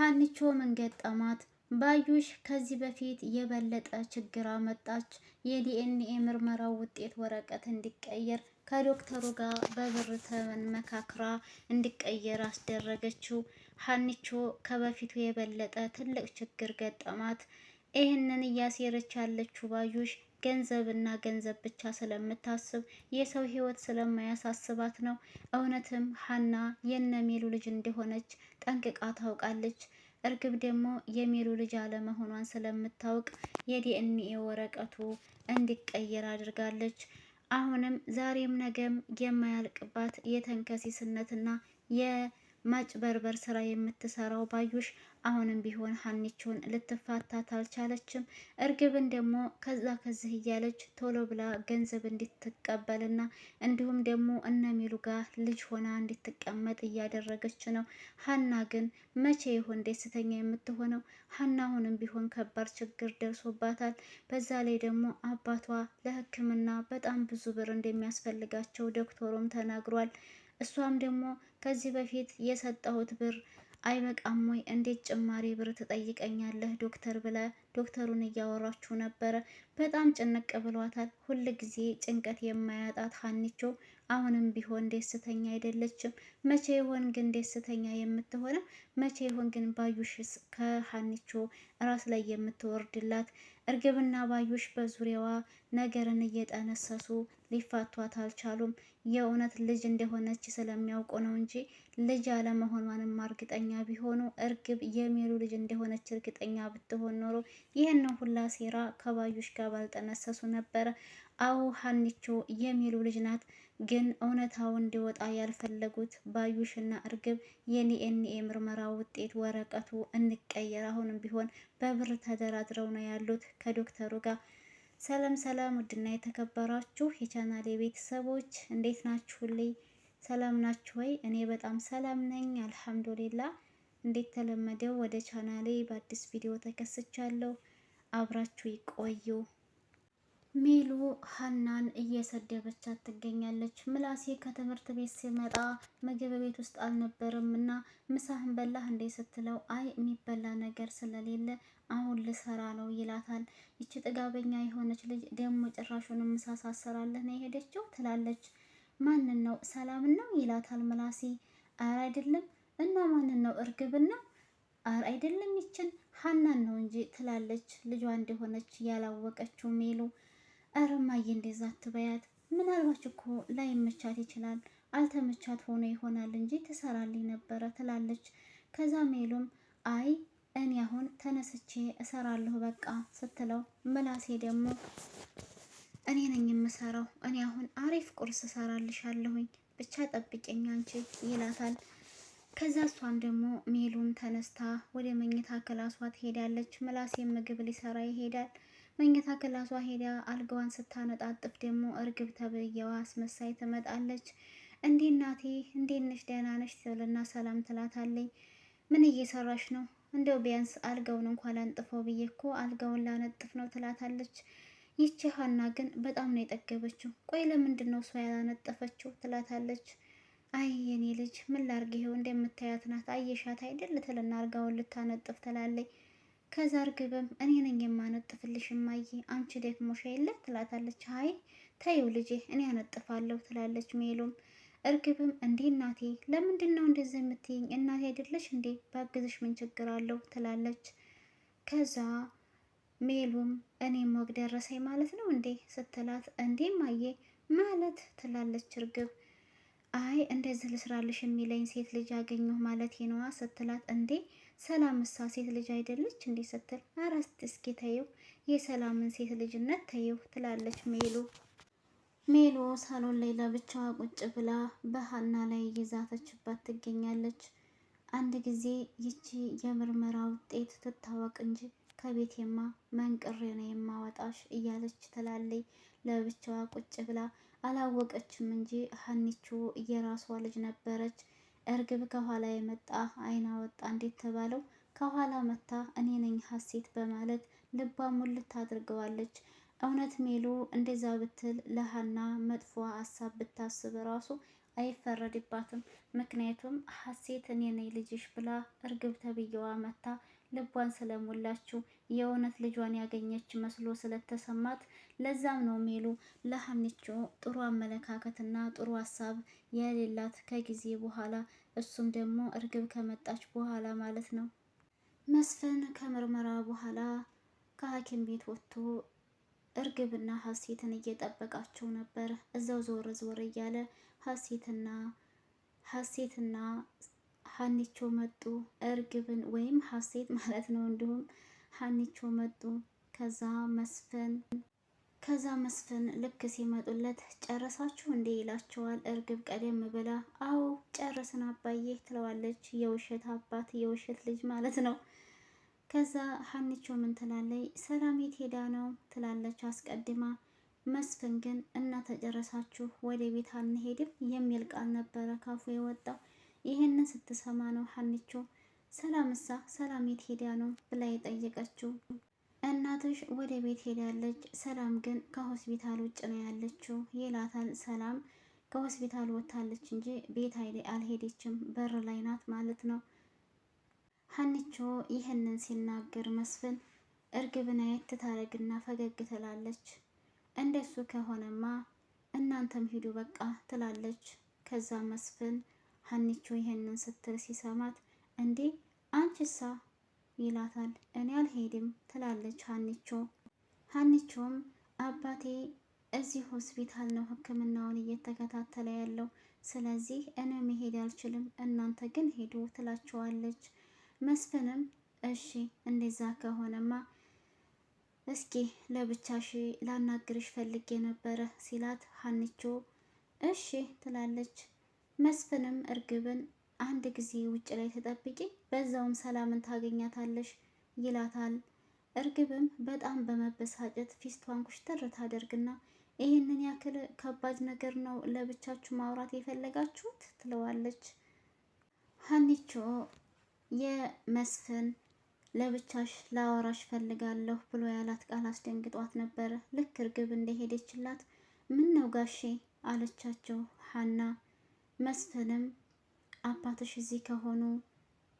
ሀኒቾ ምን ገጠማት? ባዩሽ ከዚህ በፊት የበለጠ ችግር አመጣች። የዲኤንኤ ምርመራው ውጤት ወረቀት እንዲቀየር ከዶክተሩ ጋር በብር ተመካክራ እንዲቀየር አስደረገችው። ሀኒቾ ከበፊቱ የበለጠ ትልቅ ችግር ገጠማት። ይህንን እያሴረች ያለችው ባዩሽ ገንዘብና ገንዘብ ብቻ ስለምታስብ የሰው ህይወት ስለማያሳስባት ነው። እውነትም ሀና የነ ሚሉ ልጅ እንደሆነች ጠንቅቃ ታውቃለች። እርግብ ደግሞ የሚሉ ልጅ አለመሆኗን ስለምታውቅ የዲኤንኤ ወረቀቱ እንዲቀየር አድርጋለች። አሁንም ዛሬም ነገም የማያልቅባት የተንከሲስነትና የማጭበርበር ስራ የምትሰራው ባዩሽ አሁንም ቢሆን ሀኒቾን ልትፋታት አልቻለችም። እርግብን ደግሞ ከዛ ከዚህ እያለች ቶሎ ብላ ገንዘብ እንድትቀበልና እንዲሁም ደግሞ እነሚሉ ጋር ልጅ ሆና እንድትቀመጥ እያደረገች ነው። ሀና ግን መቼ ይሆን ደስተኛ የምትሆነው? ሀና አሁንም ቢሆን ከባድ ችግር ደርሶባታል። በዛ ላይ ደግሞ አባቷ ለሕክምና በጣም ብዙ ብር እንደሚያስፈልጋቸው ዶክተሩም ተናግሯል። እሷም ደግሞ ከዚህ በፊት የሰጠሁት ብር አይበቃም ወይ? እንዴት ጭማሪ ብር ትጠይቀኛለህ ዶክተር ብለ ዶክተሩን እያወራችሁ ነበረ። በጣም ጭንቅ ብሏታል። ሁል ጊዜ ጭንቀት የማያጣት ሀኒቾ አሁንም ቢሆን ደስተኛ አይደለችም። መቼ ይሆን ግን ደስተኛ የምትሆነው? መቼ ይሆን ግን ባዩሽስ ከሀኒቾ ራስ ላይ የምትወርድላት? እርግብና ባዩሽ በዙሪያዋ ነገርን እየጠነሰሱ ሊፋቷት አልቻሉም። የእውነት ልጅ እንደሆነች ስለሚያውቁ ነው እንጂ ልጅ አለመሆኗንም እርግጠኛ ቢሆኑ እርግብ የሚሉ ልጅ እንደሆነች እርግጠኛ ብትሆን ኖሮ ይህንን ሁላ ሴራ ከባዩሽ ጋር ባልጠነሰሱ ነበረ። አዎ ሀኒቾ የሚሉ ልጅ ናት። ግን እውነታው እንዲወጣ ያልፈለጉት ባዩሽና እርግብ የዲኤንኤ ምርመራ ውጤት ወረቀቱ እንቀየር፣ አሁንም ቢሆን በብር ተደራድረው ነው ያሉት ከዶክተሩ ጋር። ሰላም ሰላም! ውድና የተከበራችሁ የቻናሌ ቤተሰቦች እንዴት ናችሁልኝ? ሰላም ናችሁ ወይ? እኔ በጣም ሰላም ነኝ አልሐምዱሊላ። እንዴት ተለመደው ወደ ቻናሌ በአዲስ ቪዲዮ ተከስቻለሁ። አብራችሁ ይቆዩ። ሚሉ ሀናን እየሰደበቻት ትገኛለች። ምላሴ ከትምህርት ቤት ሲመጣ ምግብ ቤት ውስጥ አልነበርም እና ምሳህን በላህ እንዴ ስትለው አይ የሚበላ ነገር ስለሌለ አሁን ልሰራ ነው ይላታል። ይቺ ጥጋበኛ የሆነች ልጅ ደግሞ ጭራሹን ምሳ ሳሰራለህ ነው የሄደችው ትላለች። ማንን ነው ሰላምን ነው ይላታል ምላሴ። አረ አይደለም እና ማንን ነው እርግብን ነው አረ አይደለም ይችን ሀናን ነው እንጂ ትላለች። ልጇ እንደሆነች ያላወቀችው ሚሉ እርማዬ እንደዛ አትበያት። ምናልባች እኮ ላይመቻት ይችላል አልተመቻት ሆኖ ይሆናል እንጂ ትሰራልኝ ነበረ ትላለች። ከዛ ሜሉም አይ እኔ አሁን ተነስቼ እሰራለሁ በቃ ስትለው፣ ምላሴ ደግሞ እኔ ነኝ የምሰራው እኔ አሁን አሪፍ ቁርስ እሰራልሻለሁኝ ብቻ ጠብቂኝ አንቺ ይላታል። ከዛ እሷም ደግሞ ሜሉም ተነስታ ወደ መኝታ ክላሷ ትሄዳለች። ምላሴ ምግብ ሊሰራ ይሄዳል። መኝታ ክላሷ ሄዳ አልጋዋን ስታነጣጥፍ ደግሞ እርግብ ተብየዋ አስመሳይ ትመጣለች። እንዴ እናቴ እንዴት ነሽ? ደህና ነሽ? ትብልና ሰላም ትላታለኝ። ምን እየሰራሽ ነው? እንደው ቢያንስ አልጋውን እንኳ ላንጥፈው ብዬ እኮ አልጋውን ላነጥፍ ነው ትላታለች። ይቺ ሀና ግን በጣም ነው የጠገበችው። ቆይ ለምንድን ነው እሷ ያላነጠፈችው? ትላታለች። አይ የኔ ልጅ ምን ላርግ፣ ይሄው እንደምታያት ናት፣ አየሻት አይደል? ትልና አልጋውን ልታነጥፍ ትላለች። ከዛ እርግብም እኔ ነኝ የማነጥፍልሽ እማዬ፣ አንቺ ደክሞሽ የለ ትላታለች። ሀይ ተይው ልጄ እኔ አነጥፋለሁ ትላለች ሜሉም። እርግብም እንዴ እናቴ ለምንድን ነው እንደዚህ የምትይኝ? እናቴ አይደለሽ እንዴ ባግዝሽ ምን ችግር አለው ትላለች። ከዛ ሜሉም እኔ ሞግ ደረሰኝ ማለት ነው እንዴ ስትላት፣ እንዴ እማዬ ማለት ትላለች እርግብ አይ እንደዚህ ልስራልሽ የሚለኝ ሴት ልጅ ያገኘሁ ማለት ነዋ ስትላት፣ እንዴ ሰላም እሷ ሴት ልጅ አይደለች እንዴ ስትል አረስት እስኪ ተየው የሰላምን ሴት ልጅነት ተየው ትላለች ሜሉ። ሜሉ ሳሎን ላይ ለብቻዋ ቁጭ ብላ በሀና ላይ እየዛተችባት ትገኛለች። አንድ ጊዜ ይቺ የምርመራ ውጤት ትታወቅ እንጂ ከቤቴማ መንቅሬ ነው የማወጣሽ እያለች ትላለች። ለብቻዋ ቁጭ ብላ አላወቀችም እንጂ ሀኒቾ የራሷ ልጅ ነበረች። እርግብ ከኋላ የመጣ አይና ወጣ እንዴት ተባለው ከኋላ መታ እኔ ነኝ ሀሴት በማለት ልባ ሙልት አድርገዋለች። እውነት ሜሎ እንደዛ ብትል ለሀና መጥፎ ሀሳብ ብታስብ ራሱ አይፈረድባትም። ምክንያቱም ሀሴት እኔ ነኝ ልጅሽ ብላ እርግብ ተብዬዋ መታ ልቧን ስለሞላችው የእውነት ልጇን ያገኘች መስሎ ስለተሰማት ለዛም ነው ሜሉ ለሀኒቾ ጥሩ አመለካከትና ጥሩ ሀሳብ የሌላት ከጊዜ በኋላ እሱም ደግሞ እርግብ ከመጣች በኋላ ማለት ነው። መስፍን ከምርመራ በኋላ ከሐኪም ቤት ወጥቶ እርግብና ሀሴትን እየጠበቃቸው ነበር። እዛው ዞር ዞር እያለ ሀሴትና ሀሴትና ሀኒቾ መጡ። እርግብን ወይም ሀሴት ማለት ነው። እንዲሁም ሀኒቾ መጡ። ከዛ መስፍን ከዛ መስፍን ልክ ሲመጡለት ጨረሳችሁ እንዴ ይላቸዋል። እርግብ ቀደም ብላ አዎ ጨረስን አባዬ ትለዋለች። የውሸት አባት የውሸት ልጅ ማለት ነው። ከዛ ሀኒቾ ምን ትላለች? ሰላም የት ሄዳ ነው ትላለች አስቀድማ። መስፍን ግን እናተጨረሳችሁ ወደ ቤት አንሄድም የሚል ቃል ነበረ ካፉ የወጣው ይህንን ስትሰማ ነው ሀኒቾ ሰላምሳ ሰላም የት ሄዳ ነው ብላ የጠየቀችው። እናትሽ ወደ ቤት ሄዳለች፣ ሰላም ግን ከሆስፒታል ውጭ ነው ያለችው ይላታል። ሰላም ከሆስፒታል ወጥታለች እንጂ ቤት አልሄደችም፣ በር ላይ ናት ማለት ነው። ሀኒቾ ይህንን ሲናገር መስፍን እርግብን አየት ትታረግና ፈገግ ትላለች። እንደሱ ከሆነማ እናንተም ሂዱ በቃ ትላለች። ከዛ መስፍን ሀኒቾ ይህንን ስትል ሲሰማት እንዴ አንቺሳ ይላታል። እኔ አልሄድም ትላለች ሀኒቾ። ሀኒቾም አባቴ እዚህ ሆስፒታል ነው ሕክምናውን እየተከታተለ ያለው ስለዚህ እኔ መሄድ አልችልም፣ እናንተ ግን ሄዱ ትላቸዋለች። መስፍንም እሺ እንደዛ ከሆነማ እስኪ ለብቻሽ ላናግርሽ ፈልጌ ነበረ ሲላት ሀኒቾ እሺ ትላለች። መስፍንም እርግብን አንድ ጊዜ ውጭ ላይ ተጠብቂ፣ በዛውም ሰላምን ታገኛታለሽ ይላታል። እርግብም በጣም በመበሳጨት ፊስቷን ኩሽትር ታደርግና ይህንን ያክል ከባድ ነገር ነው ለብቻችሁ ማውራት የፈለጋችሁት ትለዋለች። ሀኒቾ የመስፍን ለብቻሽ ላወራሽ ፈልጋለሁ ብሎ ያላት ቃል አስደንግጧት ነበረ። ልክ እርግብ እንደሄደችላት ምን ነው ጋሼ አለቻቸው ሀና መስፍንም አባትሽ እዚህ ከሆኑ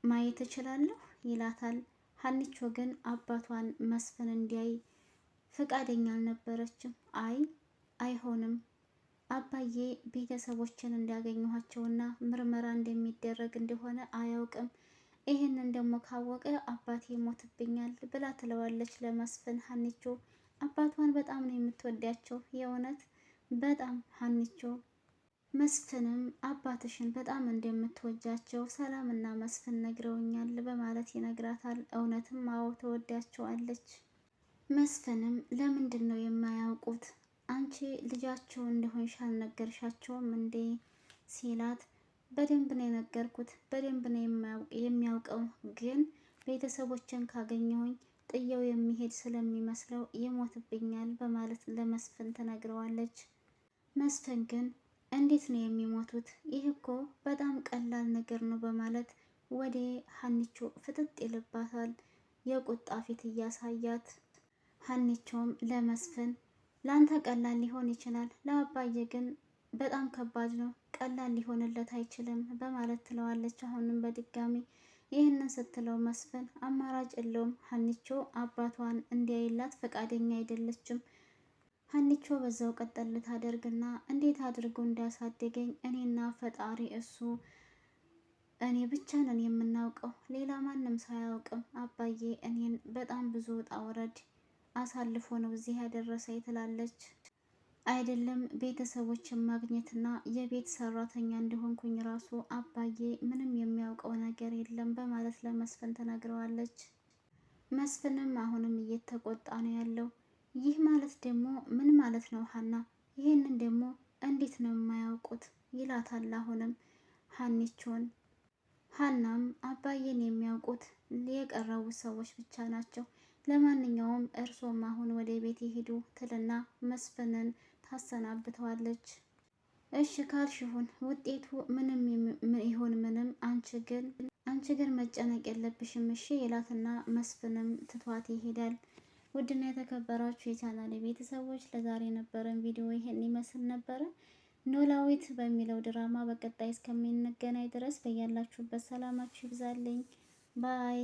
ማየት እችላለሁ ይላታል። ሀኒቾ ግን አባቷን መስፍን እንዲያይ ፍቃደኛ አልነበረችም። አይ አይሆንም አባዬ ቤተሰቦችን እንዳገኘኋቸውና ምርመራ እንደሚደረግ እንደሆነ አያውቅም። ይህንን ደግሞ ካወቀ አባቴ ይሞትብኛል ብላ ትለዋለች ለመስፍን። ሀኒቾ አባቷን በጣም ነው የምትወዳቸው የእውነት በጣም ሀኒቾ መስፍንም አባትሽን በጣም እንደምትወጃቸው ሰላምና መስፍን ነግረውኛል በማለት ይነግራታል። እውነትም አዎ ተወዳቸዋለች። መስፍንም ለምንድን ነው የማያውቁት? አንቺ ልጃቸው እንደሆንሽ አልነገርሻቸውም እንዴ ሲላት በደንብ ነው የነገርኩት፣ በደንብ ነው የሚያውቀው። ግን ቤተሰቦችን ካገኘሁኝ ጥየው የሚሄድ ስለሚመስለው ይሞትብኛል በማለት ለመስፍን ትነግረዋለች። መስፍን ግን እንዴት ነው የሚሞቱት? ይህ እኮ በጣም ቀላል ነገር ነው በማለት ወደ ሀኒቾ ፍጥጥ ይልባታል። የቁጣ ፊት እያሳያት ሀኒቾም ለመስፍን ለአንተ ቀላል ሊሆን ይችላል፣ ለአባዬ ግን በጣም ከባድ ነው፣ ቀላል ሊሆንለት አይችልም በማለት ትለዋለች። አሁንም በድጋሚ ይህንን ስትለው መስፍን አማራጭ የለውም፣ ሀኒቾ አባቷን እንዲያይላት ፈቃደኛ አይደለችም። ሀኒቾ በዛው ቀጠል ልታደርግና እንዴት አድርጎ እንዳሳደገኝ እኔና ፈጣሪ እሱ እኔ ብቻ ነን የምናውቀው፣ ሌላ ማንም ሳያውቅም አባዬ እኔን በጣም ብዙ ውጣ ውረድ አሳልፎ ነው እዚህ ያደረሰ ትላለች። አይደለም ቤተሰቦችን ማግኘትና የቤት ሰራተኛ እንደሆንኩኝ ራሱ አባዬ ምንም የሚያውቀው ነገር የለም በማለት ለመስፍን ተናግረዋለች። መስፍንም አሁንም እየተቆጣ ነው ያለው። ይህ ማለት ደግሞ ምን ማለት ነው ሀና? ይህንን ደግሞ እንዴት ነው የማያውቁት ይላታል። አሁንም ሀኒቾን ሀናም አባዬን የሚያውቁት የቀረቡት ሰዎች ብቻ ናቸው። ለማንኛውም እርሶም አሁን ወደ ቤት ይሄዱ ትልና መስፍንን ታሰናብተዋለች። እሺ ካልሽሁን ውጤቱ ምንም ይሁን ምንም፣ አንቺ ግን አንቺ ግን መጨነቅ የለብሽም እሺ ይላትና መስፍንም ትቷት ይሄዳል። ውድና የተከበራችሁ የቻናል ቤተሰቦች ለዛሬ የነበረን ቪዲዮ ይሄን ይመስል ነበረ። ኖላዊት በሚለው ድራማ በቀጣይ እስከምንገናኝ ድረስ በያላችሁበት ሰላማችሁ ይብዛልኝ ባይ